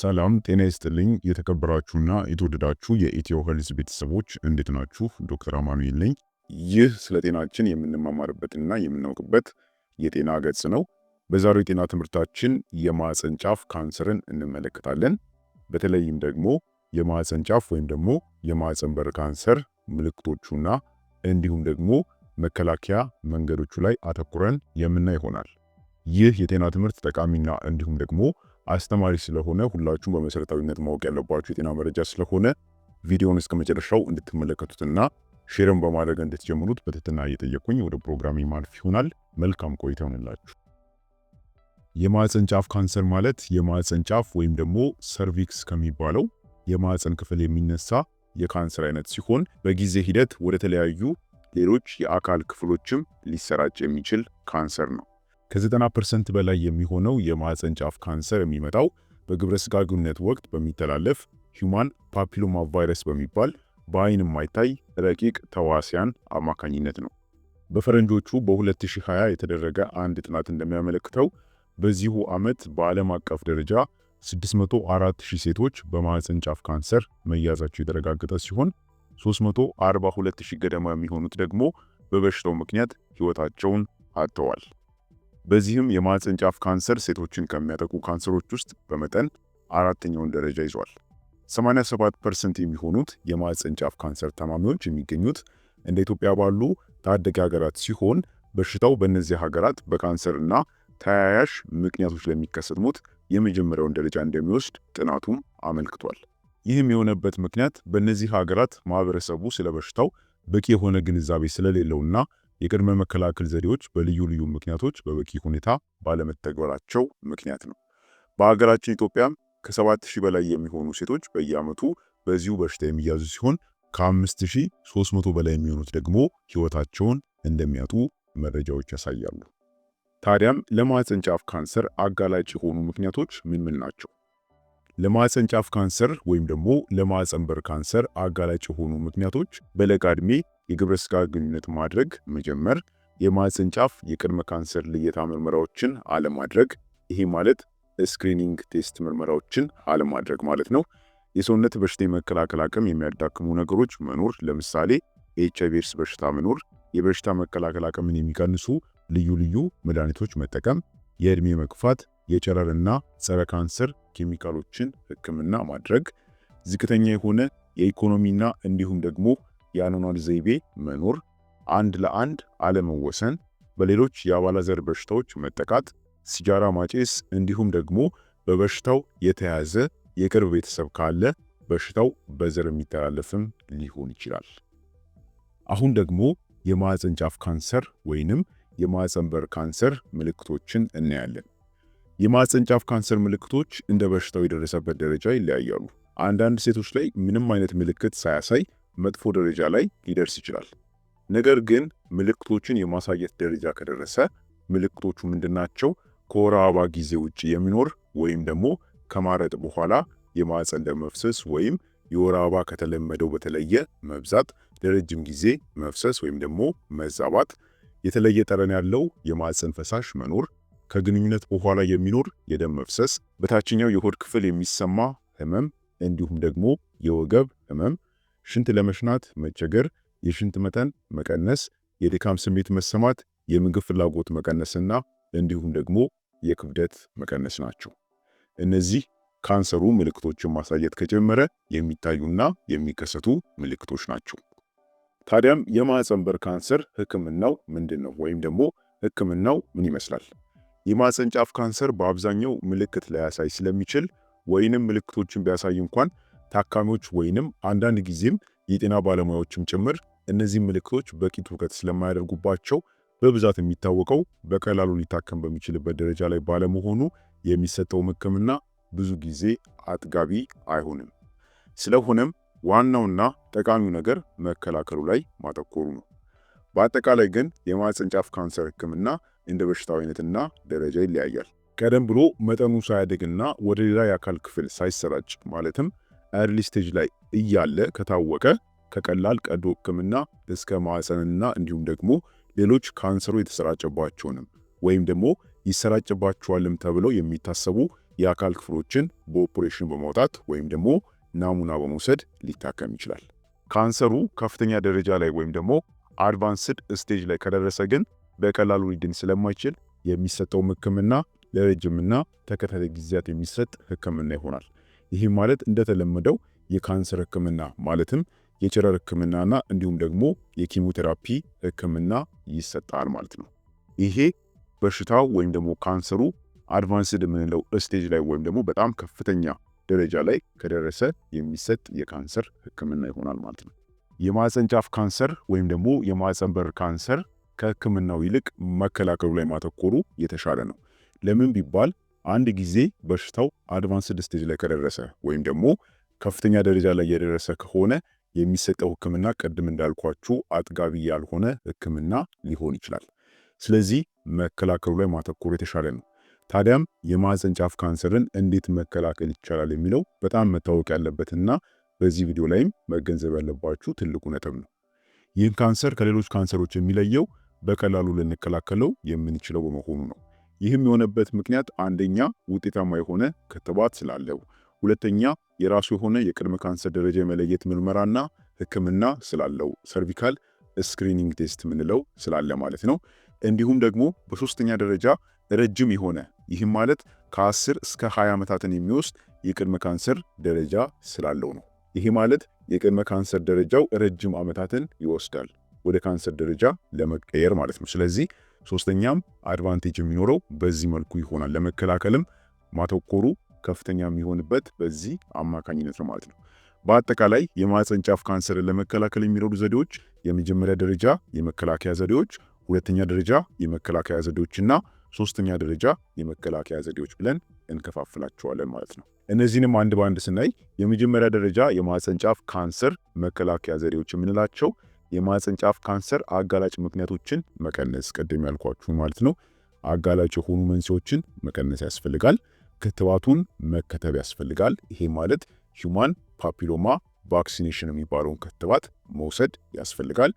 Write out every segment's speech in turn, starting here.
ሰላም ጤና ይስጥልኝ። የተከበራችሁና የተወደዳችሁ የኢትዮ ሄልዝ ቤተሰቦች እንዴት ናችሁ? ዶክተር አማኑኤል ነኝ። ይህ ስለ ጤናችን የምንማማርበትና የምናውቅበት የጤና ገጽ ነው። በዛሬው የጤና ትምህርታችን የማህፀን ጫፍ ካንሰርን እንመለከታለን። በተለይም ደግሞ የማህፀን ጫፍ ወይም ደግሞ የማህፀን በር ካንሰር ምልክቶቹና እንዲሁም ደግሞ መከላከያ መንገዶቹ ላይ አተኩረን የምናይ ይሆናል። ይህ የጤና ትምህርት ጠቃሚና እንዲሁም ደግሞ አስተማሪ ስለሆነ ሁላችሁም በመሰረታዊነት ማወቅ ያለባችሁ የጤና መረጃ ስለሆነ ቪዲዮውን እስከ መጨረሻው እንድትመለከቱትና ሼርም በማድረግ እንድትጀምሩት በትህትና እየጠየቅኩኝ ወደ ፕሮግራም ማለፍ ይሆናል። መልካም ቆይታ ይሆንላችሁ። የማህፀን ጫፍ ካንሰር ማለት የማህፀን ጫፍ ወይም ደግሞ ሰርቪክስ ከሚባለው የማህፀን ክፍል የሚነሳ የካንሰር አይነት ሲሆን በጊዜ ሂደት ወደ ተለያዩ ሌሎች የአካል ክፍሎችም ሊሰራጭ የሚችል ካንሰር ነው። ከ90 ፐርሰንት በላይ የሚሆነው የማህፀን ጫፍ ካንሰር የሚመጣው በግብረ ስጋ ግንኙነት ወቅት በሚተላለፍ ሂዩማን ፓፒሎማ ቫይረስ በሚባል በአይን የማይታይ ረቂቅ ተዋሲያን አማካኝነት ነው። በፈረንጆቹ በ2020 የተደረገ አንድ ጥናት እንደሚያመለክተው በዚሁ ዓመት በዓለም አቀፍ ደረጃ 604000 ሴቶች በማህፀን ጫፍ ካንሰር መያዛቸው የተረጋገጠ ሲሆን 342000 ገደማ የሚሆኑት ደግሞ በበሽታው ምክንያት ህይወታቸውን አጥተዋል። በዚህም የማህፀን ጫፍ ካንሰር ሴቶችን ከሚያጠቁ ካንሰሮች ውስጥ በመጠን አራተኛውን ደረጃ ይዟል። 87 ፐርሰንት የሚሆኑት የማህፀን ጫፍ ካንሰር ታማሚዎች የሚገኙት እንደ ኢትዮጵያ ባሉ ታዳጊ ሀገራት ሲሆን በሽታው በእነዚህ ሀገራት በካንሰር እና ተያያሽ ምክንያቶች ለሚከሰት ሞት የመጀመሪያውን ደረጃ እንደሚወስድ ጥናቱም አመልክቷል። ይህም የሆነበት ምክንያት በእነዚህ ሀገራት ማህበረሰቡ ስለ በሽታው በቂ የሆነ ግንዛቤ ስለሌለውና የቅድመ መከላከል ዘዴዎች በልዩ ልዩ ምክንያቶች በበቂ ሁኔታ ባለመተግበራቸው ምክንያት ነው። በሀገራችን ኢትዮጵያም ከ7000 በላይ የሚሆኑ ሴቶች በየዓመቱ በዚሁ በሽታ የሚያዙ ሲሆን ከ5300 በላይ የሚሆኑት ደግሞ ህይወታቸውን እንደሚያጡ መረጃዎች ያሳያሉ። ታዲያም ለማህፀን ጫፍ ካንሰር አጋላጭ የሆኑ ምክንያቶች ምን ምን ናቸው? ለማህፀን ጫፍ ካንሰር ወይም ደግሞ ለማህፀን በር ካንሰር አጋላጭ የሆኑ ምክንያቶች በለጋ ዕድሜ የግብረ ስጋ ግንኙነት ማድረግ መጀመር፣ የማህፀን ጫፍ የቅድመ ካንሰር ልየታ ምርመራዎችን አለማድረግ፣ ይሄ ማለት ስክሪኒንግ ቴስት ምርመራዎችን አለማድረግ ማለት ነው። የሰውነት በሽታ የመከላከል አቅም የሚያዳክሙ ነገሮች መኖር፣ ለምሳሌ ኤች አይ ኤድስ በሽታ መኖር፣ የበሽታ መከላከል አቅምን የሚቀንሱ ልዩ ልዩ መድኃኒቶች መጠቀም፣ የእድሜ መግፋት፣ የጨረርና ጸረ ካንሰር ኬሚካሎችን ህክምና ማድረግ፣ ዝቅተኛ የሆነ የኢኮኖሚና እንዲሁም ደግሞ የአኗኗር ዘይቤ መኖር፣ አንድ ለአንድ አለመወሰን፣ በሌሎች የአባላዘር በሽታዎች መጠቃት፣ ሲጃራ ማጨስ እንዲሁም ደግሞ በበሽታው የተያዘ የቅርብ ቤተሰብ ካለ በሽታው በዘር የሚተላለፍም ሊሆን ይችላል። አሁን ደግሞ የማህፀን ጫፍ ካንሰር ወይንም የማህፀን በር ካንሰር ምልክቶችን እናያለን። የማህፀን ጫፍ ካንሰር ምልክቶች እንደ በሽታው የደረሰበት ደረጃ ይለያያሉ። አንዳንድ ሴቶች ላይ ምንም አይነት ምልክት ሳያሳይ መጥፎ ደረጃ ላይ ሊደርስ ይችላል። ነገር ግን ምልክቶችን የማሳየት ደረጃ ከደረሰ ምልክቶቹ ምንድናቸው? ከወር አበባ ጊዜ ውጭ የሚኖር ወይም ደግሞ ከማረጥ በኋላ የማህፀን ደም መፍሰስ ወይም የወር አበባ ከተለመደው በተለየ መብዛት፣ ለረጅም ጊዜ መፍሰስ ወይም ደግሞ መዛባት፣ የተለየ ጠረን ያለው የማህፀን ፈሳሽ መኖር፣ ከግንኙነት በኋላ የሚኖር የደም መፍሰስ፣ በታችኛው የሆድ ክፍል የሚሰማ ህመም እንዲሁም ደግሞ የወገብ ህመም ሽንት ለመሽናት መቸገር፣ የሽንት መጠን መቀነስ፣ የድካም ስሜት መሰማት፣ የምግብ ፍላጎት መቀነስና እንዲሁም ደግሞ የክብደት መቀነስ ናቸው። እነዚህ ካንሰሩ ምልክቶችን ማሳየት ከጀመረ የሚታዩና የሚከሰቱ ምልክቶች ናቸው። ታዲያም የማህፀን በር ካንሰር ህክምናው ምንድን ነው? ወይም ደግሞ ህክምናው ምን ይመስላል? የማህፀን ጫፍ ካንሰር በአብዛኛው ምልክት ላያሳይ ስለሚችል ወይንም ምልክቶችን ቢያሳይ እንኳን ታካሚዎች ወይንም አንዳንድ ጊዜም የጤና ባለሙያዎችም ጭምር እነዚህ ምልክቶች በቂ ትኩረት ስለማያደርጉባቸው በብዛት የሚታወቀው በቀላሉ ሊታከም በሚችልበት ደረጃ ላይ ባለመሆኑ የሚሰጠውም ሕክምና ብዙ ጊዜ አጥጋቢ አይሆንም። ስለሆነም ዋናውና ጠቃሚው ነገር መከላከሉ ላይ ማተኮሩ ነው። በአጠቃላይ ግን የማህፀን ጫፍ ካንሰር ሕክምና እንደ በሽታው አይነትና ደረጃ ይለያያል። ቀደም ብሎ መጠኑ ሳያደግና ወደ ሌላ የአካል ክፍል ሳይሰራጭ ማለትም ኤርሊ ስቴጅ ላይ እያለ ከታወቀ ከቀላል ቀዶ ህክምና እስከ ማህፀንና እንዲሁም ደግሞ ሌሎች ካንሰሩ የተሰራጨባቸውንም ወይም ደግሞ ይሰራጭባቸዋልም ተብለው የሚታሰቡ የአካል ክፍሎችን በኦፕሬሽን በማውጣት ወይም ደግሞ ናሙና በመውሰድ ሊታከም ይችላል። ካንሰሩ ከፍተኛ ደረጃ ላይ ወይም ደግሞ አድቫንስድ ስቴጅ ላይ ከደረሰ ግን በቀላሉ ሊድን ስለማይችል የሚሰጠውም ህክምና ለረጅምና ተከታታይ ጊዜያት የሚሰጥ ህክምና ይሆናል። ይህም ማለት እንደተለመደው የካንሰር ህክምና ማለትም የጨረር ህክምናና እንዲሁም ደግሞ የኪሞቴራፒ ህክምና ይሰጣል ማለት ነው። ይሄ በሽታው ወይም ደግሞ ካንሰሩ አድቫንስድ የምንለው ስቴጅ ላይ ወይም ደግሞ በጣም ከፍተኛ ደረጃ ላይ ከደረሰ የሚሰጥ የካንሰር ህክምና ይሆናል ማለት ነው። የማህፀን ጫፍ ካንሰር ወይም ደግሞ የማህፀን በር ካንሰር ከህክምናው ይልቅ መከላከሉ ላይ ማተኮሩ የተሻለ ነው። ለምን ቢባል አንድ ጊዜ በሽታው አድቫንስድ ስቴጅ ላይ ከደረሰ ወይም ደግሞ ከፍተኛ ደረጃ ላይ የደረሰ ከሆነ የሚሰጠው ህክምና ቅድም እንዳልኳችሁ አጥጋቢ ያልሆነ ህክምና ሊሆን ይችላል። ስለዚህ መከላከሉ ላይ ማተኮር የተሻለ ነው። ታዲያም የማህፀን ጫፍ ካንሰርን እንዴት መከላከል ይቻላል የሚለው በጣም መታወቅ ያለበትና በዚህ ቪዲዮ ላይም መገንዘብ ያለባችሁ ትልቁ ነጥብ ነው። ይህን ካንሰር ከሌሎች ካንሰሮች የሚለየው በቀላሉ ልንከላከለው የምንችለው በመሆኑ ነው። ይህም የሆነበት ምክንያት አንደኛ ውጤታማ የሆነ ክትባት ስላለው፣ ሁለተኛ የራሱ የሆነ የቅድመ ካንሰር ደረጃ የመለየት ምርመራና ህክምና ስላለው ሰርቪካል ስክሪኒንግ ቴስት የምንለው ስላለ ማለት ነው። እንዲሁም ደግሞ በሶስተኛ ደረጃ ረጅም የሆነ ይህም ማለት ከ10 እስከ 20 ዓመታትን የሚወስድ የቅድመ ካንሰር ደረጃ ስላለው ነው። ይህ ማለት የቅድመ ካንሰር ደረጃው ረጅም ዓመታትን ይወስዳል ወደ ካንሰር ደረጃ ለመቀየር ማለት ነው። ስለዚህ ሶስተኛም አድቫንቴጅ የሚኖረው በዚህ መልኩ ይሆናል። ለመከላከልም ማተኮሩ ከፍተኛ የሚሆንበት በዚህ አማካኝነት ነው ማለት ነው። በአጠቃላይ የማህፀን ጫፍ ካንሰርን ለመከላከል የሚረዱ ዘዴዎች የመጀመሪያ ደረጃ የመከላከያ ዘዴዎች፣ ሁለተኛ ደረጃ የመከላከያ ዘዴዎች እና ሶስተኛ ደረጃ የመከላከያ ዘዴዎች ብለን እንከፋፍላቸዋለን ማለት ነው። እነዚህንም አንድ በአንድ ስናይ የመጀመሪያ ደረጃ የማህፀን ጫፍ ካንሰር መከላከያ ዘዴዎች የምንላቸው የማህፀን ጫፍ ካንሰር አጋላጭ ምክንያቶችን መቀነስ፣ ቀደም ያልኳችሁ ማለት ነው። አጋላጭ የሆኑ መንስኤዎችን መቀነስ ያስፈልጋል። ክትባቱን መከተብ ያስፈልጋል። ይሄ ማለት ሂውማን ፓፒሎማ ቫክሲኔሽን የሚባለውን ክትባት መውሰድ ያስፈልጋል።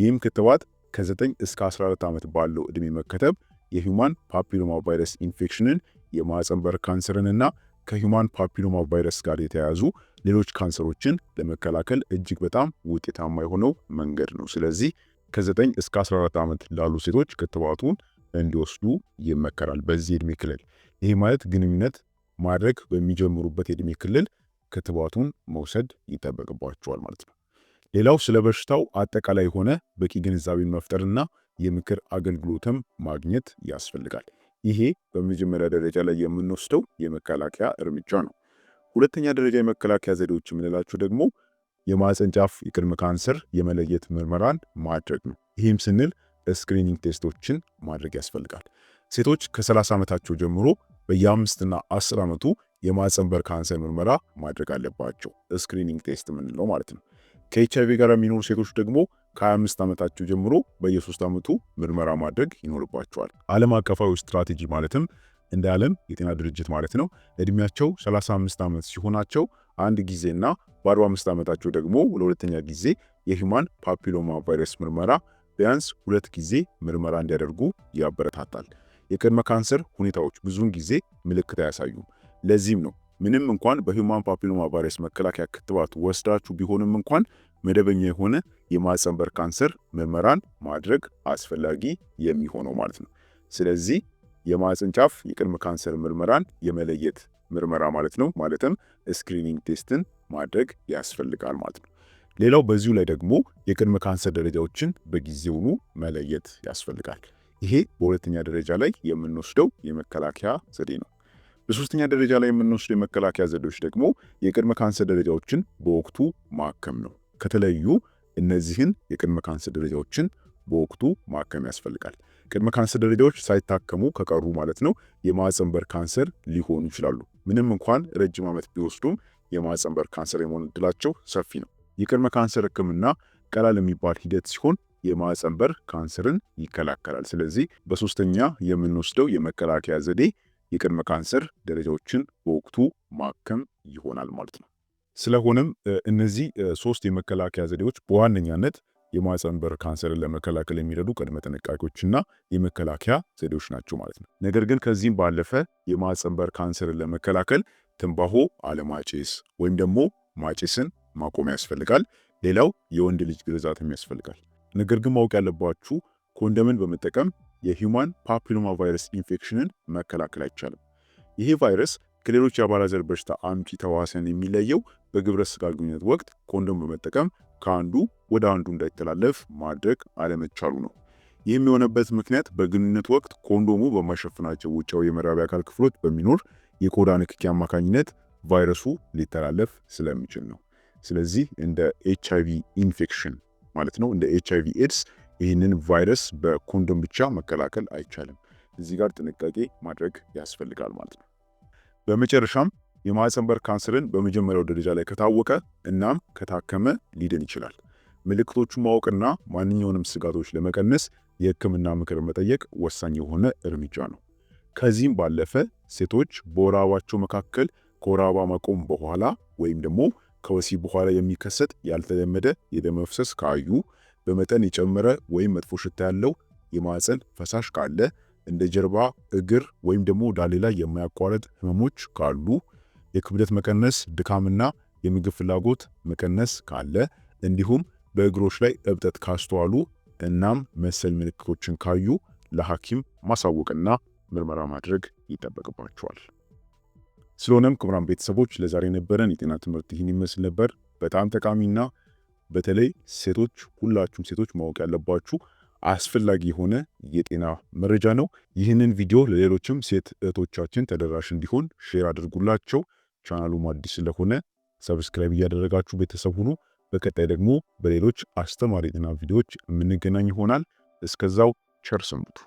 ይህም ክትባት ከ9 እስከ 14 ዓመት ባለው ዕድሜ መከተብ የሂውማን ፓፒሎማ ቫይረስ ኢንፌክሽንን የማህፀን በር ካንሰርንና ከሂውማን ፓፒሎማ ቫይረስ ጋር የተያያዙ ሌሎች ካንሰሮችን ለመከላከል እጅግ በጣም ውጤታማ የሆነው መንገድ ነው። ስለዚህ ከ9 እስከ 14 ዓመት ላሉ ሴቶች ክትባቱን እንዲወስዱ ይመከራል። በዚህ እድሜ ክልል ይህ ማለት ግንኙነት ማድረግ በሚጀምሩበት የእድሜ ክልል ክትባቱን መውሰድ ይጠበቅባቸዋል ማለት ነው። ሌላው ስለ በሽታው አጠቃላይ የሆነ በቂ ግንዛቤን መፍጠርና የምክር አገልግሎትም ማግኘት ያስፈልጋል። ይሄ በመጀመሪያ ደረጃ ላይ የምንወስደው የመከላከያ እርምጃ ነው። ሁለተኛ ደረጃ የመከላከያ ዘዴዎች የምንላቸው ደግሞ የማህፀን ጫፍ የቅድመ ካንሰር የመለየት ምርመራን ማድረግ ነው። ይህም ስንል ስክሪኒንግ ቴስቶችን ማድረግ ያስፈልጋል። ሴቶች ከ30 ዓመታቸው ጀምሮ በየአምስትና አስር ዓመቱ የማህፀን በር ካንሰር ምርመራ ማድረግ አለባቸው። ስክሪኒንግ ቴስት የምንለው ማለት ነው። ከኤችአይቪ ጋር የሚኖሩ ሴቶች ደግሞ ከ25 ዓመታቸው ጀምሮ በየሶስት ዓመቱ ምርመራ ማድረግ ይኖርባቸዋል። ዓለም አቀፋዊ ስትራቴጂ ማለትም እንደ ዓለም የጤና ድርጅት ማለት ነው። እድሜያቸው 35 ዓመት ሲሆናቸው አንድ ጊዜና በ45 ዓመታቸው ደግሞ ለሁለተኛ ጊዜ የሂማን ፓፒሎማ ቫይረስ ምርመራ ቢያንስ ሁለት ጊዜ ምርመራ እንዲያደርጉ ያበረታታል። የቅድመ ካንሰር ሁኔታዎች ብዙውን ጊዜ ምልክት አያሳዩም። ለዚህም ነው ምንም እንኳን በሂማን ፓፒሎማ ቫይረስ መከላከያ ክትባት ወስዳችሁ ቢሆንም እንኳን መደበኛ የሆነ የማህፀን በር ካንሰር ምርመራን ማድረግ አስፈላጊ የሚሆነው ማለት ነው። ስለዚህ የማህፀን ጫፍ የቅድመ ካንሰር ምርመራን የመለየት ምርመራ ማለት ነው። ማለትም ስክሪኒንግ ቴስትን ማድረግ ያስፈልጋል ማለት ነው። ሌላው በዚሁ ላይ ደግሞ የቅድመ ካንሰር ደረጃዎችን በጊዜውኑ መለየት ያስፈልጋል። ይሄ በሁለተኛ ደረጃ ላይ የምንወስደው የመከላከያ ዘዴ ነው። በሶስተኛ ደረጃ ላይ የምንወስደው የመከላከያ ዘዴዎች ደግሞ የቅድመ ካንሰር ደረጃዎችን በወቅቱ ማከም ነው። ከተለዩ እነዚህን የቅድመ ካንሰር ደረጃዎችን በወቅቱ ማከም ያስፈልጋል። ቅድመ ካንሰር ደረጃዎች ሳይታከሙ ከቀሩ ማለት ነው የማህፀን በር ካንሰር ሊሆኑ ይችላሉ። ምንም እንኳን ረጅም ዓመት ቢወስዱም የማህፀን በር ካንሰር የመሆን እድላቸው ሰፊ ነው። የቅድመ ካንሰር ህክምና ቀላል የሚባል ሂደት ሲሆን የማህፀን በር ካንሰርን ይከላከላል። ስለዚህ በሶስተኛ የምንወስደው የመከላከያ ዘዴ የቅድመ ካንሰር ደረጃዎችን በወቅቱ ማከም ይሆናል ማለት ነው። ስለሆነም እነዚህ ሶስት የመከላከያ ዘዴዎች በዋነኛነት የማህፀን በር ካንሰርን ለመከላከል የሚረዱ ቅድመ ጥንቃቄዎችና የመከላከያ ዘዴዎች ናቸው ማለት ነው። ነገር ግን ከዚህም ባለፈ የማህፀን በር ካንሰርን ለመከላከል ትንባሆ አለማጭስ ወይም ደግሞ ማጭስን ማቆም ያስፈልጋል። ሌላው የወንድ ልጅ ግርዛትም ያስፈልጋል። ነገር ግን ማወቅ ያለባችሁ ኮንደምን በመጠቀም የሂውማን ፓፒሎማ ቫይረስ ኢንፌክሽንን መከላከል አይቻልም። ይሄ ቫይረስ ከሌሎች የአባላ ዘር በሽታ አምጪ ተዋሲያን የሚለየው በግብረ ስጋ ግንኙነት ወቅት ኮንዶም በመጠቀም ከአንዱ ወደ አንዱ እንዳይተላለፍ ማድረግ አለመቻሉ ነው። ይህ የሚሆነበት ምክንያት በግንኙነት ወቅት ኮንዶሙ በማይሸፍናቸው ውጫዊ የመራቢያ አካል ክፍሎች በሚኖር የቆዳ ንክኪ አማካኝነት ቫይረሱ ሊተላለፍ ስለሚችል ነው። ስለዚህ እንደ ኤች አይቪ ኢንፌክሽን ማለት ነው እንደ ኤች አይቪ ኤድስ ይህንን ቫይረስ በኮንዶም ብቻ መከላከል አይቻልም። እዚህ ጋር ጥንቃቄ ማድረግ ያስፈልጋል ማለት ነው። በመጨረሻም የማህፀን በር ካንሰርን በመጀመሪያው ደረጃ ላይ ከታወቀ እናም ከታከመ ሊድን ይችላል። ምልክቶቹን ማወቅና ማንኛውንም ስጋቶች ለመቀነስ የህክምና ምክር መጠየቅ ወሳኝ የሆነ እርምጃ ነው። ከዚህም ባለፈ ሴቶች በወር አበባቸው መካከል ከወር አበባ መቆም በኋላ ወይም ደግሞ ከወሲብ በኋላ የሚከሰት ያልተለመደ የደም መፍሰስ ካዩ፣ በመጠን የጨመረ ወይም መጥፎ ሽታ ያለው የማህፀን ፈሳሽ ካለ እንደ ጀርባ፣ እግር ወይም ደግሞ ዳሌ ላይ የማያቋርጥ ህመሞች ካሉ፣ የክብደት መቀነስ፣ ድካምና የምግብ ፍላጎት መቀነስ ካለ እንዲሁም በእግሮች ላይ እብጠት ካስተዋሉ እናም መሰል ምልክቶችን ካዩ ለሐኪም ማሳወቅና ምርመራ ማድረግ ይጠበቅባቸዋል። ስለሆነም ክቡራን ቤተሰቦች ለዛሬ የነበረን የጤና ትምህርት ይህን ይመስል ነበር። በጣም ጠቃሚና በተለይ ሴቶች ሁላችሁም ሴቶች ማወቅ ያለባችሁ አስፈላጊ የሆነ የጤና መረጃ ነው። ይህንን ቪዲዮ ለሌሎችም ሴት እህቶቻችን ተደራሽ እንዲሆን ሼር አድርጉላቸው። ቻናሉም አዲስ ስለሆነ ሰብስክራይብ እያደረጋችሁ ቤተሰብ ሁኑ። በቀጣይ ደግሞ በሌሎች አስተማሪ ጤና ቪዲዮዎች የምንገናኝ ይሆናል። እስከዛው ቸር ሰንብቱ።